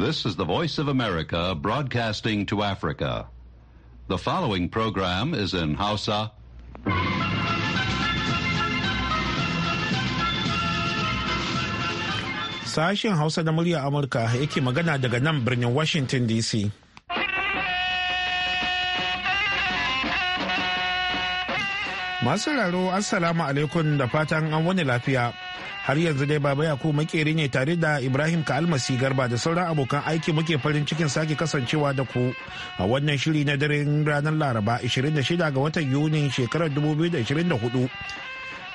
This is the Voice of America broadcasting to Africa. The following program is in Hausa. Sashen Hausa na murya Amurka yake magana daga nan birnin Washington DC. Masu raro, Assalamu alaikum da fatan an wani lafiya. har yanzu dai baba yaku makeri ne tare da ibrahim kalmasi garba da sauran abokan aiki muke farin cikin sake kasancewa da ku a wannan shiri na daren ranar laraba 26 ga watan yuni shekarar 2024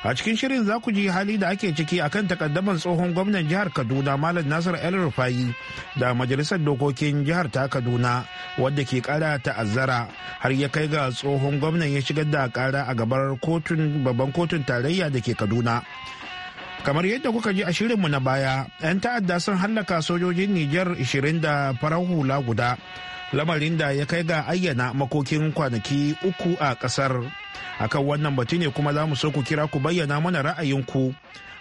a cikin shirin za ku ji hali da ake ciki a kan takaddaman tsohon gwamnan jihar kaduna malam nasir el rufayi da majalisar dokokin jihar ta kaduna wadda ke kara ta'azzara har ya kai ga tsohon gwamnan ya shigar da kara a gabar babban kotun tarayya da ke kaduna kamar yadda kuka ji a shirinmu na baya 'yan ta'adda sun hallaka sojojin niger 20 da farar hula guda lamarin da ya kai ga ayyana makokin kwanaki uku a kasar akan wannan batu ne kuma za mu so ku kira ku bayyana mana ra'ayinku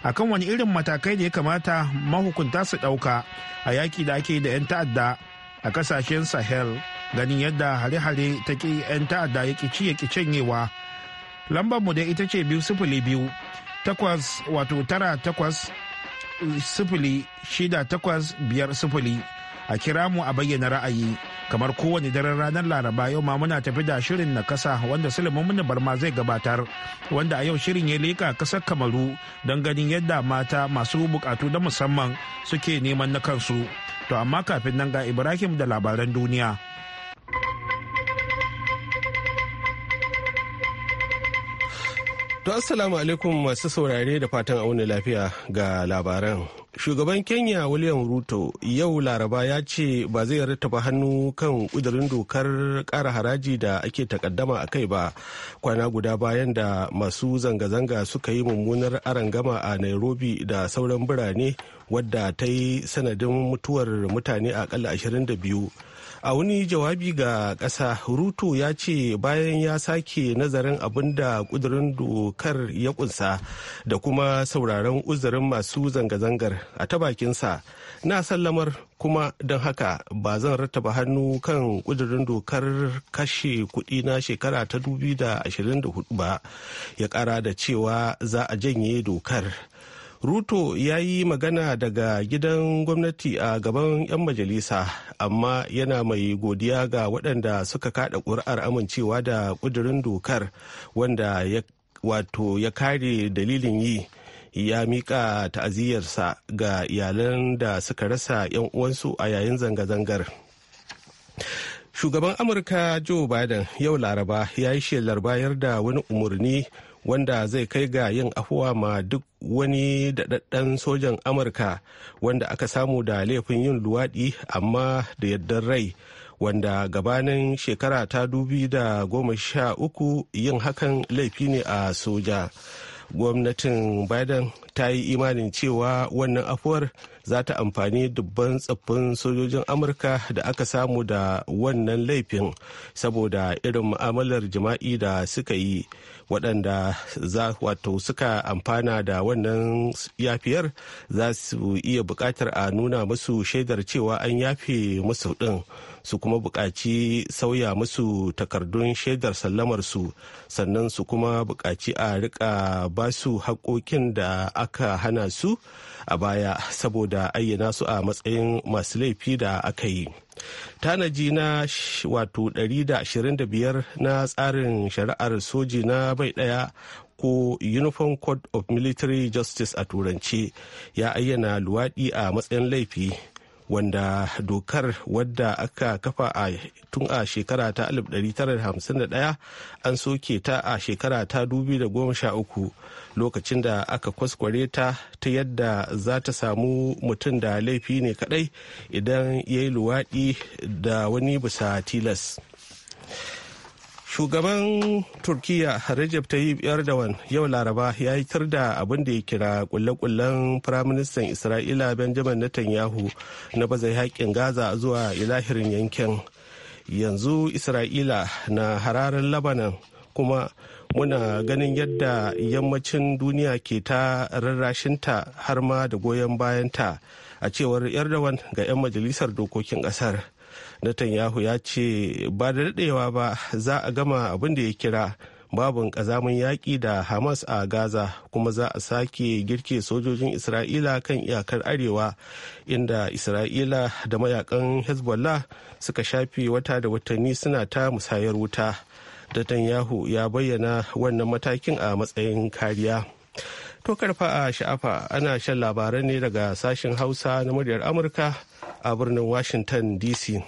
akan wani irin matakai da ya kamata mahukunta su ɗauka a yaki da ake da 'yan ta'adda a kasashen sahel ganin yadda hare-hare ta 'yan ta'adda ya ƙi ci ya ƙi cinyewa lambar mu da ita ce biyu sifili biyu takwas wato tara takwas sifili shida takwas biyar sifili a kira mu a bayyana ra'ayi kamar kowane daren ranar laraba yau ma muna tafi da shirin na kasa wanda sulaiman barma zai gabatar wanda a yau shirin ya leka kasar kamaru don ganin yadda mata masu bukatu na musamman suke neman na kansu to amma kafin nan ga ibrahim da labaran duniya To assalamu alaikum masu saurare da fatan auna lafiya ga labaran. Shugaban Kenya William Ruto yau Laraba ya ce ba zai rattaba hannu kan kudurin dokar kara haraji da ake takaddama a kai ba kwana guda bayan da masu zanga-zanga suka yi mummunar arangama a Nairobi da sauran birane wadda ta yi sanadin mutuwar mutane akalla 22. a wani jawabi ga ƙasa ruto ya ce bayan ya sake nazarin abin da ƙudurin dokar ya kunsa da kuma sauraron uzurin masu zanga-zangar a ta bakinsa na sallamar kuma don haka ba zan rattaba hannu kan ƙudurin dokar kashe kuɗi na shekara ta 2024 ba ya ƙara da cewa za a janye dokar. ruto ya yi magana daga gidan gwamnati a gaban 'yan majalisa amma yana mai godiya ga waɗanda suka kaɗa ƙuri'ar amincewa da ƙudurin dokar wanda ya wato ya kare dalilin yi ya miƙa ta'aziyarsa ga iyalan da suka rasa 'yan uwansu a yayin zanga-zangar shugaban amurka joe biden yau laraba ya yi shelar bayar da wani umarni wanda zai kai ga yin afuwa ma duk wani daɗaɗɗen sojan amurka wanda aka samu da laifin yin luwaɗi amma da yardar rai wanda gabanin shekara ta dubi da goma sha uku yin hakan laifi ne a soja gwamnatin biden ta yi imanin cewa wannan afuwar za ta amfani dubban tsaffin sojojin amurka da aka samu da wannan laifin saboda irin mu'amalar jima'i da suka yi waɗanda za wato suka amfana da wannan yafiyar za su iya buƙatar a nuna musu shaidar cewa an yafe musu ɗin su kuma buƙaci sauya musu takardun shaidar sallamar su sannan su kuma buƙaci a rika ba su haƙoƙin da aka hana su a baya saboda da ayyana su a matsayin masu laifi da aka yi tanaji na wato 125 na tsarin shari'ar soji na bai daya ko uniform code of military justice a turanci ya ayyana luwaɗi a matsayin laifi wanda dokar wadda aka kafa a tun a shekara ta 1951 an soke ta a shekara ta 2013 lokacin da aka kwaskware ta ta yadda za ta samu mutum da laifi ne kadai idan ya yi luwaɗi da wani bisa tilas shugaban turkiya recep tayyip erdogan yau laraba ya yitar da abin da ya kira kulle-kullen firaministan isra'ila benjamin netanyahu na bazai haƙin gaza zuwa ilahirin yankin yanzu isra'ila na hararin labanan kuma muna ganin yadda yammacin duniya ke ta rarrashinta har ma da goyon bayanta a cewar erdogan ga 'yan majalisar dokokin kasar Netanyahu ya ce ba da daɗewa ba za a gama abin da ya kira babin ƙazamin yaƙi da Hamas a Gaza kuma za a sake girke sojojin Isra'ila kan iyakar Arewa inda Isra'ila da mayakan Hezbollah suka shafe wata da watanni suna ta musayar wuta. Netanyahu ya bayyana wannan matakin a matsayin kariya. To karfa a sha'afa ana shan labaran ne daga sashen Hausa na muryar Amurka a birnin Washington DC.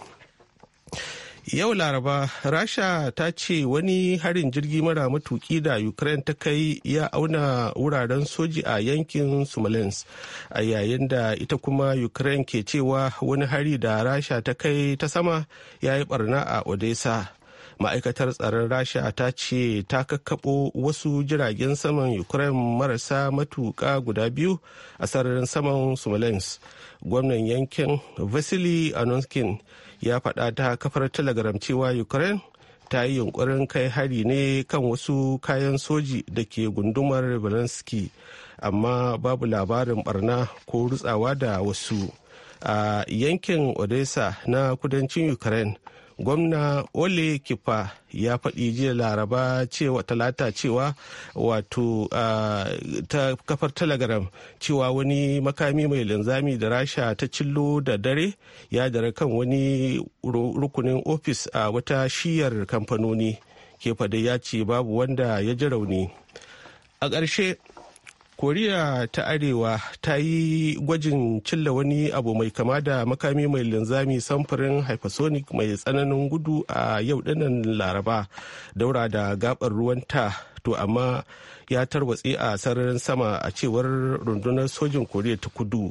Yau Laraba, Rasha ta ce wani harin jirgi mara matuki da Ukraine ta kai ya auna wuraren soji a yankin Smolensk, a yayin da ita kuma Ukraine ke cewa wani hari da Rasha ta kai ta sama ya yi barna a Odessa. Ma'aikatar tsaron Rasha ta ce ta kakkaɓo wasu jiragen saman Ukraine marasa matuka guda biyu a sararin saman Smolensk. Gwamnan yankin Vasily Anonskin. ya faɗa ta kafar telegram cewa ukraine ta yi yunkurin kai hari ne kan wasu kayan soji da ke gundumar Zelensky amma babu labarin barna ko rutsawa da wasu a yankin odessa na kudancin ukraine gwamna ole kifa ya faɗi jiya laraba cewa talata cewa wato ta kafar telegram cewa wani makami mai linzami da rasha ta cillo da dare ya dare kan wani rukunin ofis a wata shiyar kamfanoni ke kefa ya ce babu wanda ya ji rauni a ƙarshe koriya ta arewa ta yi gwajin cilla wani abu mai kama da makami mai linzami samfurin hypersonic mai tsananin gudu a yau dinnan laraba daura da gabar ruwanta to amma ya tarwatse a sararin sama a cewar rundunar sojin koriya ta kudu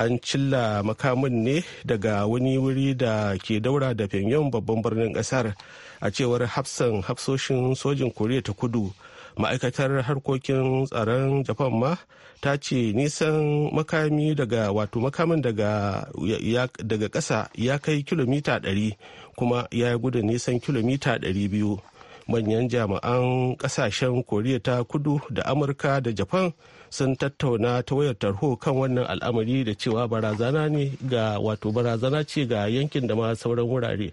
an cilla makamin ne daga wani wuri da ke daura da pyongyang babban birnin kasar a cewar hafsan hafsoshin sojin koriya ta kudu ma'aikatar harkokin tsaron japan ma ta ce nisan makami daga wato makamin daga daga ƙasa ya kai kilomita 100 kuma ya gudu nisan kilomita 200 manyan jami'an ƙasashen koriya ta kudu da amurka da japan sun tattauna ta wayar tarho kan wannan al'amari da cewa barazana ne ga wato barazana ce ga yankin da ma sauran wurare.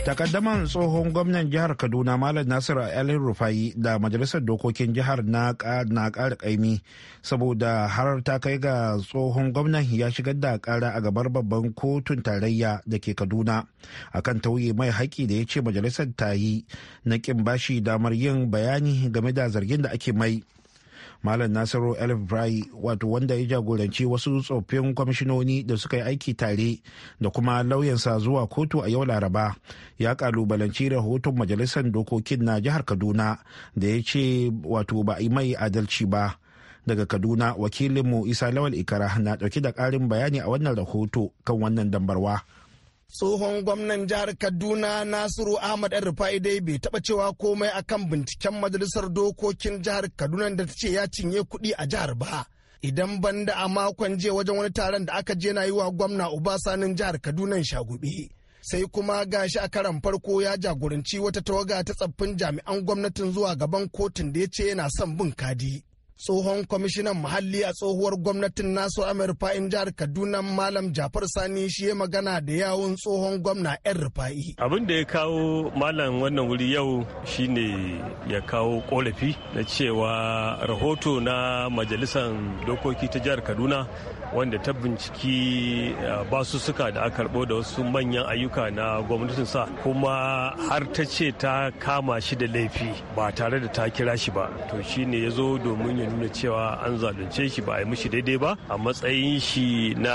takaddaman tsohon gwamnan jihar kaduna malam nasiru alin rufayi da majalisar dokokin jihar na ƙara ƙaimi saboda har ta kai ga tsohon gwamnan ya shigar da ƙara a gabar babban kotun tarayya da ke kaduna akan tauye mai haƙƙi da ya ce majalisar ta yi na ƙin bashi damar yin bayani game da zargin da ake mai malam nasiru elif wato wanda ya jagoranci wasu tsoffin kwamishinoni da suka yi aiki tare da kuma lauyansa zuwa kotu a yau laraba ya kalubalanci rahoton majalisar dokokin na jihar kaduna da ya ce wato ba a yi mai adalci ba daga kaduna wakilinmu isa lawal ikara na dauki da ƙarin bayani a wannan rahoto kan wannan dambarwa. tsohon gwamnan jihar kaduna nasiru ahmad yan rufa'i dai bai taba cewa komai akan binciken majalisar dokokin jihar kaduna da ta ce ya cinye kuɗi a jihar ba idan banda a makon je wajen wani taron da aka je na yi wa gwamna ubasanin jihar kaduna shagube sai kuma gashi a karan farko ya jagoranci wata tawaga ta tsaffin jami'an gwamnatin zuwa gaban kotun da ya ce yana son bin kadi tsohon kwamishinan muhalli a tsohuwar gwamnatin nasu amurfa in jihar kaduna malam jafar sani shi ya magana da yawun tsohon gwamna yan rufa'i abin da ya kawo malam wannan wuri yau shine ya kawo korafi na cewa rahoto na majalisar dokoki ta jihar kaduna wanda ta binciki eh, basussuka da aka karɓo da wasu manyan ayyuka na gwamnatin sa kuma har ta ce ta kama shi da laifi ba tare da ta kira shi ba to shi ne ya zo domin ya nuna cewa an zalunce shi ba a yi mishi daidai ba a matsayin shi na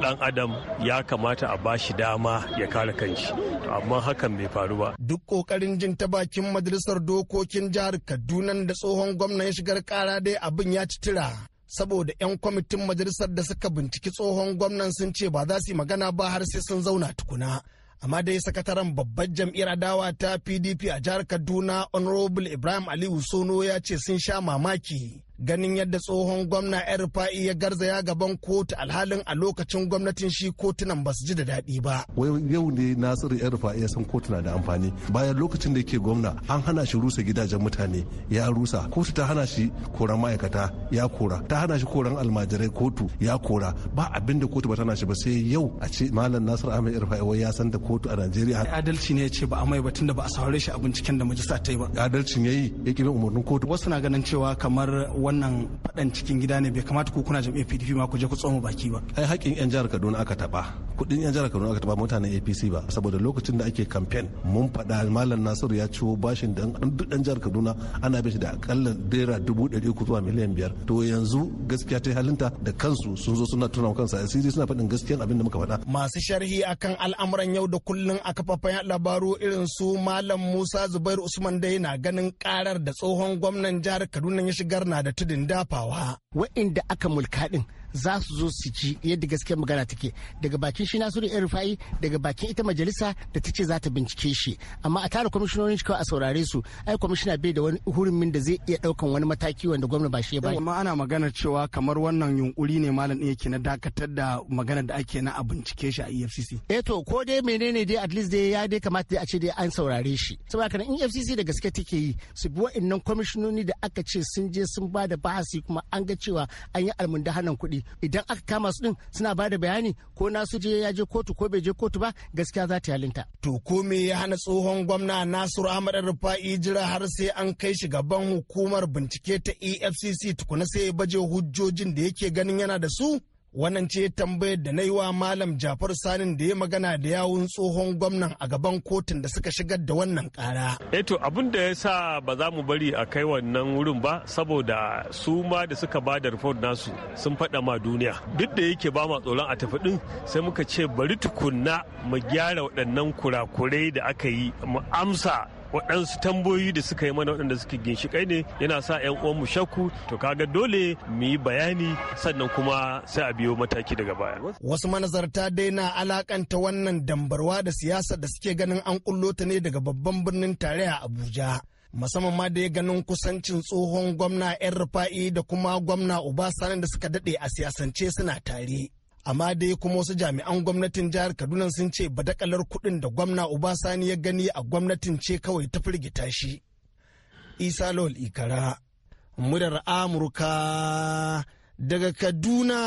dan adam ya kamata a ba shi dama ya kare kanshi amma hakan bai faru ba duk kokarin jin ta bakin majalisar dokokin jihar kaduna da tsohon gwamnan shigar kara dai abin ya ci tira saboda 'yan kwamitin majalisar da suka binciki tsohon gwamnan sun ce ba za su yi magana ba har sai sun zauna tukuna. amma dai sakataren babbar jam'iyyar adawa ta pdp a jihar kaduna honorable ibrahim aliyu sono ya ce sun sha mamaki ganin yadda tsohon gwamna yan rufa'i ya garzaya gaban kotu alhalin a lokacin gwamnatin shi kotunan ba su ji da daɗi ba. wai yau ne nasiru yan rufa'i ya san kotuna da amfani bayan lokacin da yake gwamna an hana shi rusa gidajen mutane ya rusa kotu ta hana shi koran ma'aikata ya kora ta hana shi koran almajirai kotu ya kora ba abin da kotu ba tana shi ba sai yau a ce malam nasiru ahmed yan rufa'i wai ya san da kotu a najeriya. adalci ne ya ce ba a mai ba tunda ba a saurare shi a binciken da majalisa ta yi ba. adalcin ya yi ya kira umarnin kotu. wasu na ganin cewa kamar wannan faɗan cikin gida ne bai kamata ku kuna jam'iyyar PDP ma ku je ku tsoma baki ba ai haƙƙin yan jihar Kaduna aka taɓa kuɗin yan jihar Kaduna aka taɓa mutanen APC ba saboda lokacin da ake campaign mun faɗa Malam Nasiru ya ciwo bashin da duk dan jihar Kaduna ana bi shi da akalla naira dubu ɗari uku zuwa miliyan biyar to yanzu gaskiya ta halinta da kansu sun zo suna tuna kansu suna faɗin gaskiyan abin da muka faɗa masu sharhi akan al'amuran yau da kullun a kafafen labaru irin su Malam Musa zubairu Usman dai na ganin karar da tsohon gwamnan jihar Kaduna ya shigar na da tudun dafawa wa'inda aka mulka din za su zo su ci yadda gaskiya magana take daga bakin shi nasiru yan rufa'i daga bakin ita majalisa da ta ce za ta bincike shi amma a tara kwamishinonin cikin a saurare su ai kwamishina bai da wani hurumin da zai iya daukan wani mataki wanda gwamna ba shi ya bai amma ana magana cewa kamar wannan yunkuri ne malam ɗaya yake na dakatar da magana da ake na a bincike shi a EFCC eh to ko dai menene dai at least dai ya dai kamata dai a ce dai an saurare shi saboda haka in EFCC da gaske take yi su bi wa'annan kwamishinoni da aka ce sun je sun ba da bahasi kuma an ga cewa an yi almundahanan kuɗi idan aka kama su din suna ba da bayani ko nasu je ya je kotu ko bai je kotu ba gaskiya za ta halinta. To ko me ya hana tsohon gwamna Nasiru Ahmad Rufa'i jira har sai an kai shi gaban hukumar bincike ta EFCC tukuna sai ya baje hujjojin da yake ganin yana da su? Wannan ce tambayar da na yi wa Malam Jafar Sanin da ya magana da yawun tsohon gwamnan a gaban kotun da suka shigar da wannan kara. Eto eh abin da ya sa ba za mu bari a kai wannan wurin ba saboda su ma da suka ba da report nasu sun faɗa ma duniya. Duk da yake ba ma tsoron a tafi ɗin sai muka ce bari tukunna mu gyara waɗannan kurakurai da aka yi mu amsa waɗansu tambayoyi da suka yi mana waɗanda suke ginshiƙai ne yana sa 'yan uwanmu shakku to kaga dole mu yi bayani sannan kuma sai a biyo mataki daga baya. Wasu manazarta dai na alakanta wannan dambarwa da siyasa da suke ganin an kullo ta ne daga babban birnin tarayya Abuja. musamman ma da ya ganin kusancin tsohon gwamna 'yan rufa'i da kuma gwamna uba sanin da suka daɗe a siyasance suna tare. amma dai kuma wasu jami'an gwamnatin jihar kaduna sun ce ba dakalar kuɗin da gwamna obasani ya gani a gwamnatin ce kawai ta firgita shi isa lol ikara murar amurka daga kaduna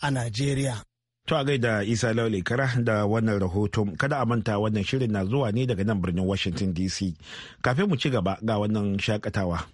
a najeriya To a gaida Isa Laule Kara da wannan rahoton kada a manta wannan shirin na zuwa ne daga nan birnin Washington DC. Kafin mu ci gaba ga wannan shakatawa.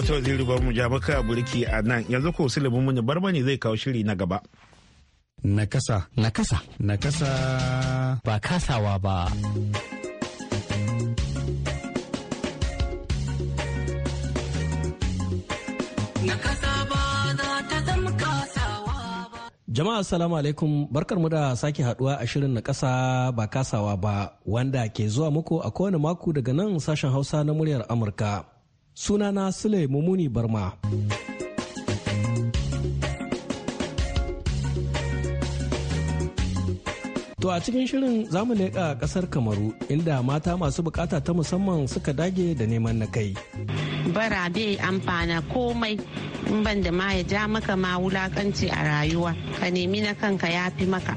wata waziri ba mu ja maka burki a nan yanzu ko silibin mu barbani zai kawo shiri na gaba. Nakasa. Nakasa. Nakasa. Ba kasawa ba. Jama'a salamu alaikum mu da sake haduwa a shirin na kasa ba kasawa ba wanda ke zuwa muku a kowane mako daga nan sashen hausa na muryar Amurka. sunana sule mumuni barma To a cikin shirin zamu leƙa ƙasar Kamaru inda mata masu bukata ta musamman suka dage da neman na kai. Bara bai amfana komai in ban da ma ya ja maka ma wulakanci a rayuwa ka nemi na kanka ya fi maka.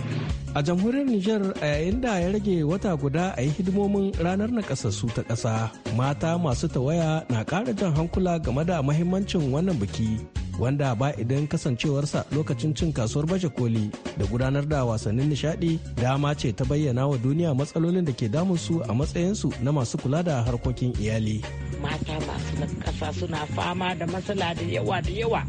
a jamhuriyar Nijar a yayin da ya rage wata guda a yi hidimomin ranar nakasassu ta ƙasa mata masu tawaya na ƙara jan hankula game da mahimmancin wannan biki wanda ba idan kasancewarsa lokacin cin kasuwar baje koli da gudanar da wasannin nishadi dama ce ta bayyana wa duniya matsalolin da ke damunsu a matsayinsu na masu kula da harkokin iyali mata masu kasa suna fama da matsala da yawa da yawa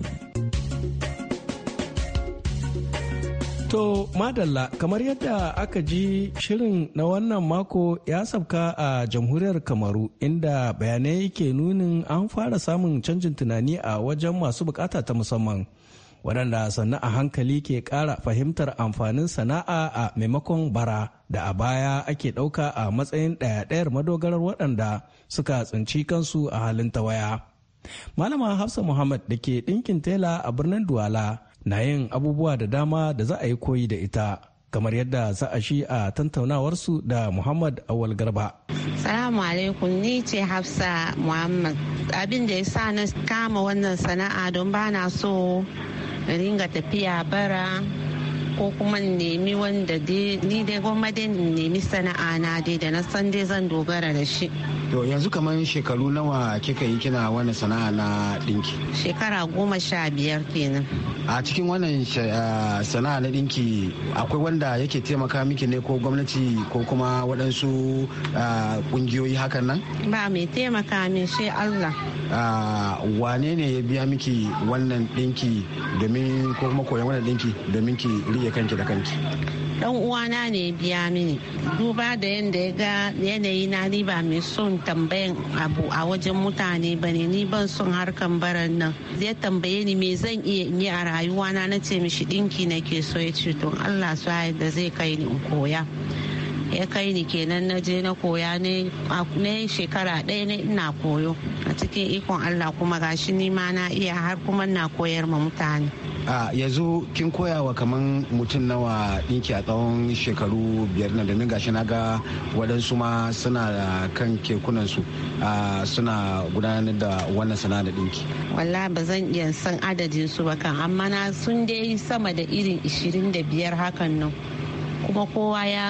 To madalla kamar yadda aka ji shirin na wannan mako ya sabka a jamhuriyar kamaru inda bayanai yake nunin an fara samun canjin tunani a wajen masu bukata ta musamman waɗanda sannan a hankali ke ƙara fahimtar amfanin sana'a a maimakon bara da a baya ake ɗauka a matsayin ɗaya-ɗayar madogarar waɗanda suka tsinci kansu a halin tawaya. Malama Hafsa Muhammad da ke ɗinkin tela a birnin Duwala na yin abubuwa da dama da za a yi koyi da ita kamar yadda za a shi a tantaunawarsu da muhammad awal garba salamu alaikum ni ce hafsa muhammad abin da ya sa na kama wannan sana'a don ba na so ringa tafiya bara ko kuma nemi wanda ni dai gwamnati nemi sana'a na dai da na san dai zan dogara da shi To yanzu kamar shekaru nawa kika yi kina wani sana'a na dinki? Shekara goma sha biyar kenan. A cikin wannan sana'a na dinki akwai wanda yake taimaka miki ne ko gwamnati ko kuma waɗansu ƙungiyoyi hakan nan? Ba mai taimaka min sai Allah. Wane ne ya biya miki wannan dinki domin ko kuma koyon wannan dinki domin ki riye kanki da kanki? dan uwana ne biya mini duba da yadda ya ga yanayi na ni ba mai son tambayan abu a wajen mutane ba ne ni ban son harkan baran nan zai tambaye ni me zan iya yi a rayuwa na na ce mishi dinki ke so ya ce to allah su da zai kai ni in koya ya kai ni kenan na je na koya ne shekara ɗaya ne ina koyo a cikin ikon allah kuma gashi ni ma na iya har kuma na koyar ma mutane a yanzu kin koya wa kaman mutum nawa dinki a tsawon shekaru biyar na da gashi na ga waɗansu ma suna kan kekunan kekunansu suna gudanar da wannan sana'a dinki. walla ba zan iya san adadin su ba kan amma na sun dai sama da irin 25 hakan nan kuma kowa ya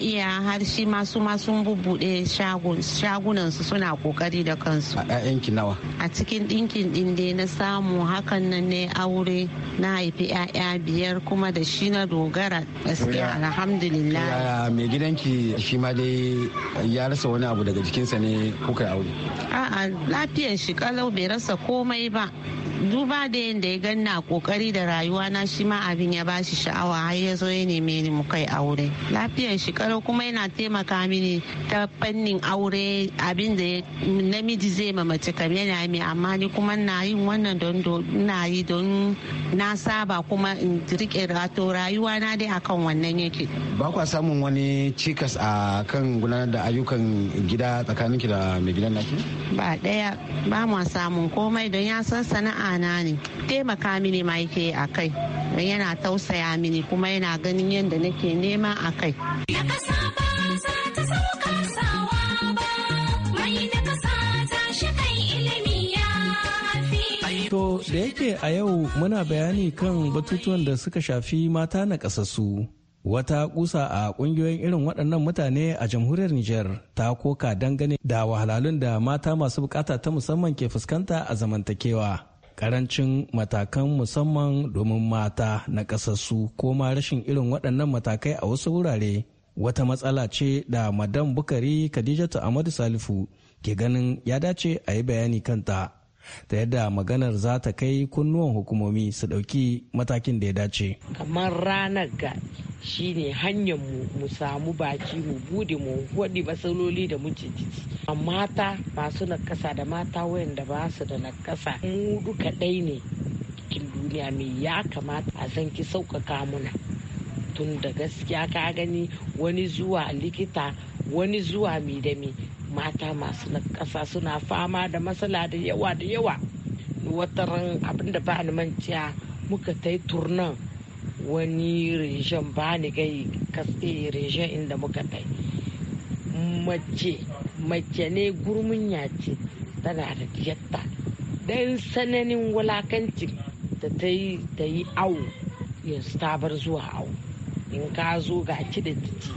iya har shi masu masu bubbuɗe shagunansu suna kokari da kansu a yankin nawa a cikin ɗinkin ɗin dai na samu hakan nan ne aure na haifi 'ya'ya biyar kuma da shi na dogara gaskiya alhamdulillah mai gidanki shi ma dai ya rasa wani abu daga jikinsa ne kuka aure a'a lafiyar shi kalau bai rasa komai ba duba da yadda ya ganna kokari da rayuwa na shi ma abin ya ba shi sha'awa har ya zo ya neme ni mu kai aure lafiyar shi karo kuma yana taimaka mini ta fannin aure abin da namiji zai ma mace kam yana mai amma ni kuma na yin wannan don na yi don na saba kuma in rike rato rayuwa na dai akan wannan yake ba kwa samun wani cikas a kan gudanar da ayyukan gida tsakaninki da mai gidan naki ba daya ba mu samun komai don ya san sana'a sana'a na ne taimaka mini ma yake a kai yana tausaya mini kuma yana ganin yadda nake nema a kai To da yake a yau muna bayani kan batutuwan da suka shafi mata na ƙasassu. Wata kusa a ƙungiyoyin irin waɗannan mutane a jamhuriyar Nijar ta koka dangane da wahalhalun da mata masu bukata ta musamman ke fuskanta a zamantakewa. karancin matakan musamman domin mata na kasassu ko ma rashin irin waɗannan matakai a wasu wurare wata matsala ce da madam bukari khadijatu amadu salifu ke ganin ya dace a yi bayani kanta ta yadda maganar za ta kai kunnuwan hukumomi su ɗauki matakin da ya dace. Kamar ranar ga shi ne hanyar mu samu baki mu bude mu waɗi matsaloli da muke ciki. Mata masu nakasa da mata wayanda ba su da nakasa mu duka ɗai ne cikin duniya mai ya kamata a san ki sauƙaƙa muna. Tun da gaskiya ka gani wani zuwa likita wani zuwa mi da mi mata masu na suna fama da matsala da yawa da yawa wataran abin da ba ni manciya muka ta yi turnan wani reshen ba ni gai katse eh, reshen inda muka ta yi mace mace ne gurmin ce tana da diyatta dan sananin wulakancin da ta yi ta yi awo yanzu ta bar zuwa awo in ka zo ga ci da ciki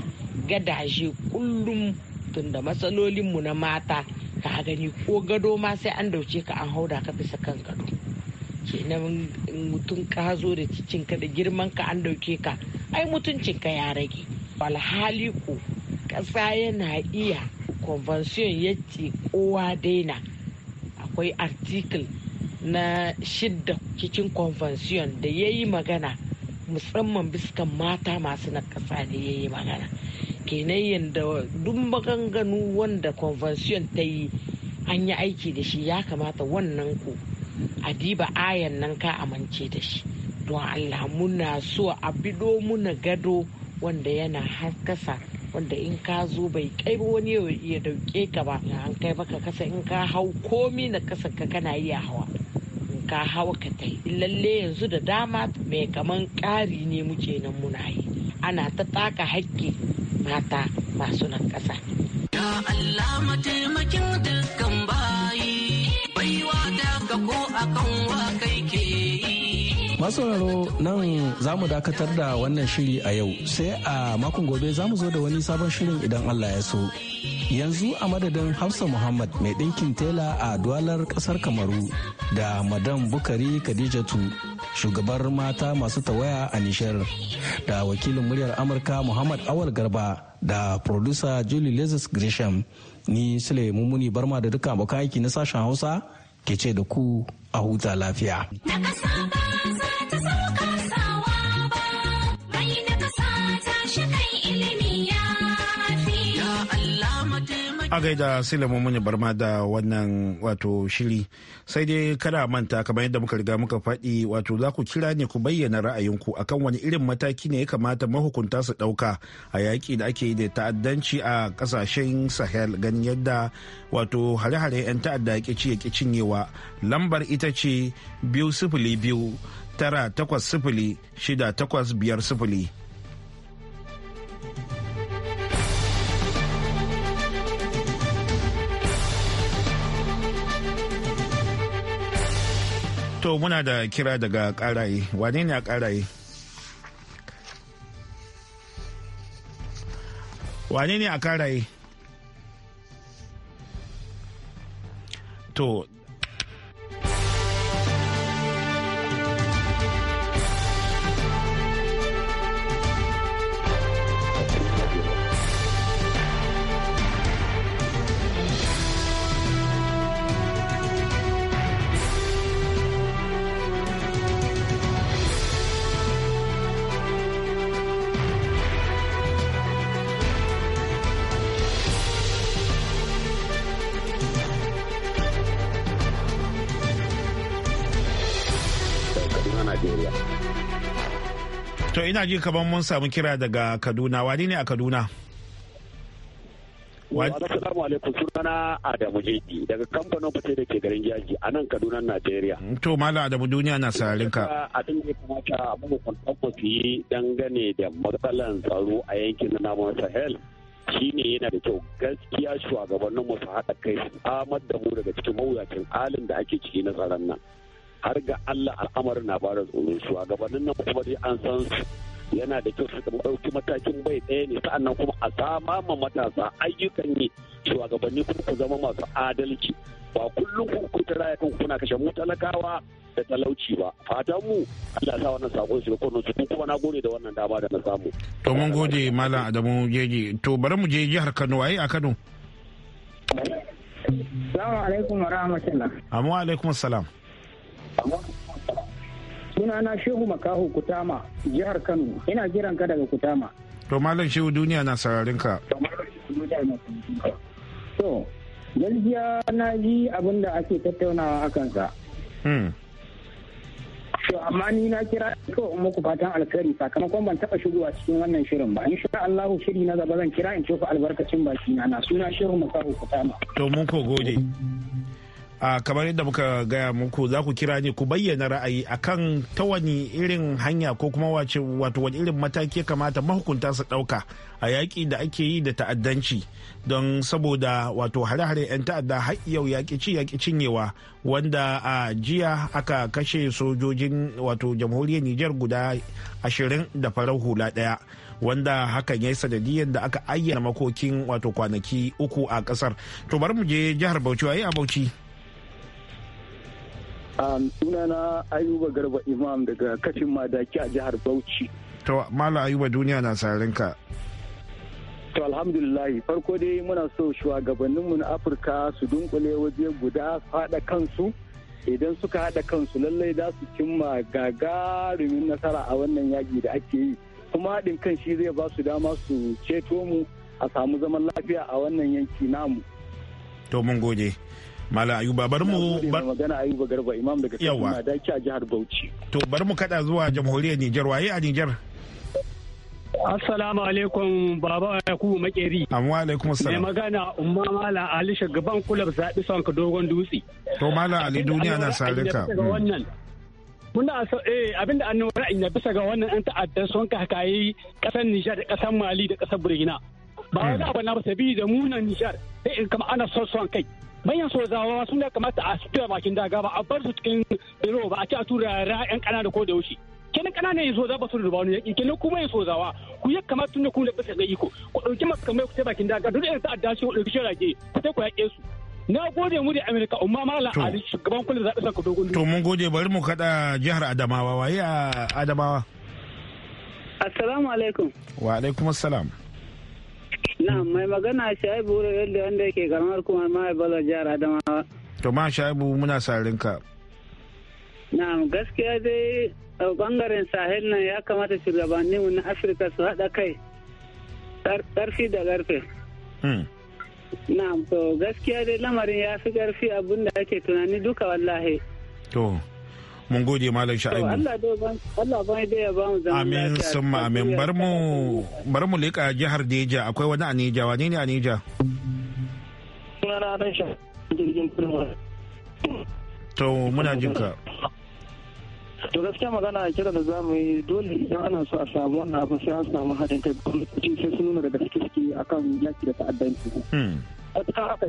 gadaje kullum matsalolin matsalolinmu na mata ka gani ko gado ma sai an dauce ka an hauda ka bisa kan gado kenan mutum ka zo da cikin ka da girman ka an dauke ka ai mutuncin ka ya rage alhali ko ƙasa yana iya convention ya ce kowa daina akwai article na shidda cikin convention da ya yi magana musamman biskan mata masu na ƙasa da ya yi magana kenan da duk maganganu wanda convention ta yi an yi aiki da shi ya kamata wannan ku a diba ayan nan ka amince da shi don allah muna so a bido muna gado wanda yana kasa wanda in ka zo bai kai ba wani ya dauke ka ba an kai baka kasa in ka hau komi na kasa ka kana iya hawa in ka hawa ka ta yi lalle yanzu da dama mai kaman kari ne muke nan muna yi ana ta taka hakki mata masu nan ƙasa. Ya Allah mataimakin dukkan bayi, baiwa da wa kai ke masauraro nan za mu dakatar da wannan shiri a yau sai a makon gobe za mu zo da wani sabon shirin idan allah ya so yanzu a madadin hafsa muhammad mai ɗinkin tela a duwalar ƙasar kamaru da madam bukari khadijatu shugabar mata masu tawaya a nishar da wakilin muryar amurka muhammad awal garba da producer julie lezis grisham ni sule mummuni barma da duka abokan aiki na sashen hausa ke ce da ku a huta lafiya. a gaida silamu mummuni barma da wannan wato shiri sai dai kada manta kamar yadda muka riga muka faɗi wato za ku kira ne ku bayyana ra'ayinku akan wani irin mataki ne ya kamata mahukunta su ɗauka a yaƙi da ake yi da ta'addanci a ƙasashen sahel ganin yadda wato hare-hare 'yan ta'adda ya ƙici ya cinyewa lambar ita ce biyu sifili biyu tara takwas sifili shida takwas biyar sifili To muna da kira daga karaye, wane ne a karaye? Wane ne a karaye? To ina ji kamar mun samu kira daga kaduna wani ne a kaduna Assalamu alaikum sunana Adamu Jeji daga kamfanin fice da ke garin Jaji a nan Kaduna Najeriya. Mm, to Malam Adamu duniya na sararin ka. Abin da ya kamata yi dangane da matsalan tsaro a yankin na namun Sahel shine yana da kyau gaskiya shugabannin mu su haɗa kai su samar da mu daga cikin mawuyacin halin da ake ciki na tsaron nan. Har ga Allah al'amarin na bada tsoro shugabannin nan kuma dai an san su yana da kyau su ɗauki matakin bai ɗaya ne sa'annan kuma a sama ma matasa ayyukan yi shugabanni kuma ku zama masu adalci ba kullum ku kuta raya kan kuna kashe mu talakawa da talauci ba fatan mu Allah sa wannan sakon shi ko su kuma na gode da wannan dama da na samu to mun gode malam Adamu Jeji to bari mu je jihar Kano ai a Kano Assalamu alaikum wa rahmatullah. Amma alaikum salam. sunana shehu makaho kutama jihar kano ina jiran ka daga kutama to malam shehu duniya na sararin ka to gaskiya na ji abin da ake tattaunawa a kansa hmm. to amma ni na kira ko in muku fatan alkhairi sakamakon ban taba shigowa cikin wannan shirin ba insha Allah shiri na gaba zan kira in ce ku albarkacin baki na na suna shehu makaho kutama to mun ko gode a kamar yadda muka gaya muku za ku kira ne ku bayyana ra'ayi akan ta wani irin hanya ko kuma wace wato wani irin mataki kamata mahukunta su ɗauka a yaƙi da ake yi da ta'addanci don saboda wato hare-hare 'yan ta'adda har yau yaƙi ci yaƙi cinyewa wanda a jiya aka kashe sojojin wato jamhuriyar Nijar guda ashirin da farar hula ɗaya. wanda hakan ya yi sanadiyar da aka ayyana makokin wato kwanaki uku a ƙasar to bari mu je jihar bauchi waye a bauchi sunana ayuba garba imam daga kashin madaki a jihar bauchi to mala ayuba duniya na sarinka to alhamdulillah farko dai muna so shugabanninmu na afirka su dunkule waje guda haɗa kansu idan suka hada kansu lallai za su cimma gagarumin nasara a wannan yaki da ake yi kuma haɗin kan shi zai ba su dama su ceto mu a samu zaman lafiya a wannan yanki namu to mun gode Mala Ayuba bar mu magana Ayuba Garba Imam daga da Madaki a jihar Bauchi. To bar mu kada zuwa jamhuriyar Nijar waye a Nijar? Assalamu alaikum baba ku makeri. Amma alaikum assalam. Mai magana umma mala Ali shugaban kulab zaɓi son ka dogon dutse. To mala Ali duniya na sare ka. Mm. Muna so eh abinda an nuna in ya bisa ga wannan an ta'adda son ka kai kasan Nijar da kasan Mali da kasan Burkina. Ba wani mm. abu na ba sabi da munan Nijar sai in kama ana son son kai. manyan sojawa su ne kamata a tura bakin daga ba a bar su cikin biro ba a ci a tura ra'ayan ƙanana ko da yaushe kenan ne yin soja ba su da wani yaƙi kenan kuma yin sojawa ku ya kamata tun da ku da bisa ga iko ku ɗauki makamai ku sai bakin daga duk irin ta'adda shi ku ɗauki shirage ku sai ku yaƙe su na gode mu da amerika umma mala ali shugaban kullum zaɓe sa ku dogon to mun gode bari mu kaɗa jihar adamawa waye a adamawa assalamu alaikum wa alaikum assalam na mai magana shaibu yadda wanda yake karamar kuma mai bazar jihar adamawa to ma shaibu muna sarin ka na gaskiya dai bangaren sahel nan ya kamata shugabanninmu na afirka su haɗa kai ƙarfi da ƙarfe hmm. na to gaskiya dai lamarin ya fi ƙarfi abinda ake tunani duka wallahi to mun gode malam sha'ibu Allah bai da ya ba zama amin summa amin bar mu bar mu leka jihar Deja akwai wani Anija wani ne Anija to muna jin ka to gaskiya magana a kira da za mu yi dole idan ana so a samu wannan abin sai an samu haɗin kai kuma sai sun nuna daga suke suke akan yaki da ta'addanci. Hmm. a cikin haka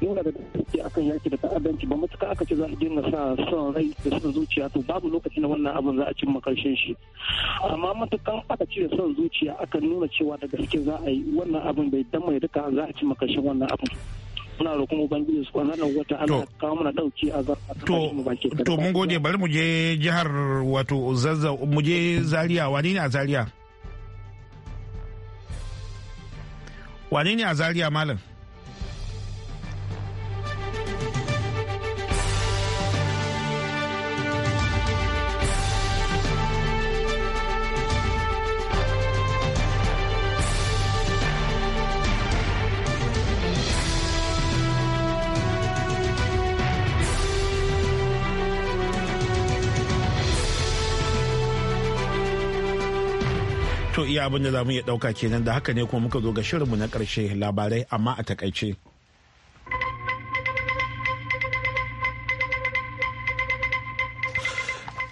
yana da tafiya akan yaki da ta'addanci ba matuka aka ce za a dinga sa son rai da son zuciya to babu lokacin da wannan abin za a cimma karshen shi amma matukan aka ce da son zuciya aka nuna cewa da gaske za a yi wannan abin bai dan mai duka za a cimma karshen wannan abin muna roƙon ubangiji su kwana nan wata ana kawo mana dauki a to to mun gode bari mu je jihar wato zazza mu je zaria wani ne a zaria wani ne a zaria malam To iya abin da za mu iya ɗauka kenan da haka ne kuma muka zo ga shirinmu na ƙarshe labarai amma a takaice.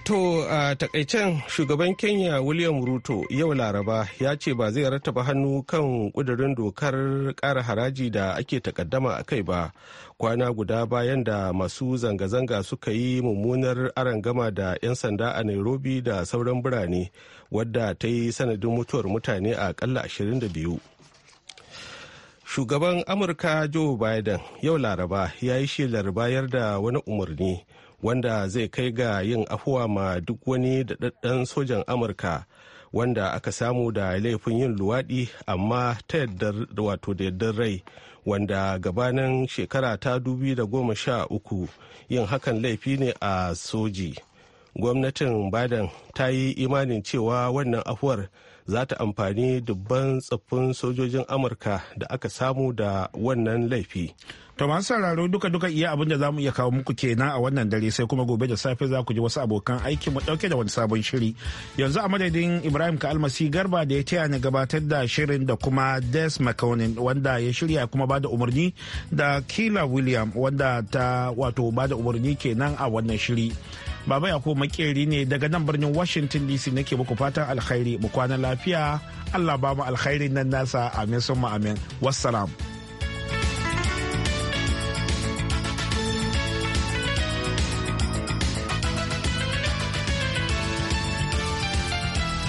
To a takaicen shugaban Kenya William Ruto yau Laraba ya ce ba zai rattaba hannu kan kudurin dokar kara haraji da ake takaddama a kai ba kwana guda bayan da masu zanga-zanga suka yi mummunar arangama da 'yan sanda a Nairobi da sauran birane wadda ta yi sanadin mutuwar mutane a akalla 22. Shugaban Amurka Joe Biden yau Laraba ya yi shelar bayar da wani umarni wanda zai kai ga yin afuwa ma duk wani daɗaɗɗen sojan amurka wanda aka samu da laifin yin luwaɗi amma ta yardar wato da yardar rai wanda gabanin shekara ta dubi da goma sha uku yin hakan laifi ne a soji gwamnatin biden ta yi imanin cewa wannan afuwar za ta amfani dubban tsaffin sojojin amurka da aka samu da wannan laifi To masu sauraro duka duka iya abin da zamu iya kawo muku kenan a wannan dare sai kuma gobe da safe za ku ji wasu abokan aikin mu dauke da wani sabon shiri. Yanzu a madadin Ibrahim ka almasi garba da ya taya ni gabatar da shirin da kuma Des McConin wanda ya shirya kuma bada umarni da Kila William wanda ta wato ba umarni kenan a wannan shiri. Baba yakub makeri ne daga nan birnin Washington DC nake muku fatan alkhairi mu kwana lafiya Allah ba mu alkhairin nan nasa amin summa amin wassalam.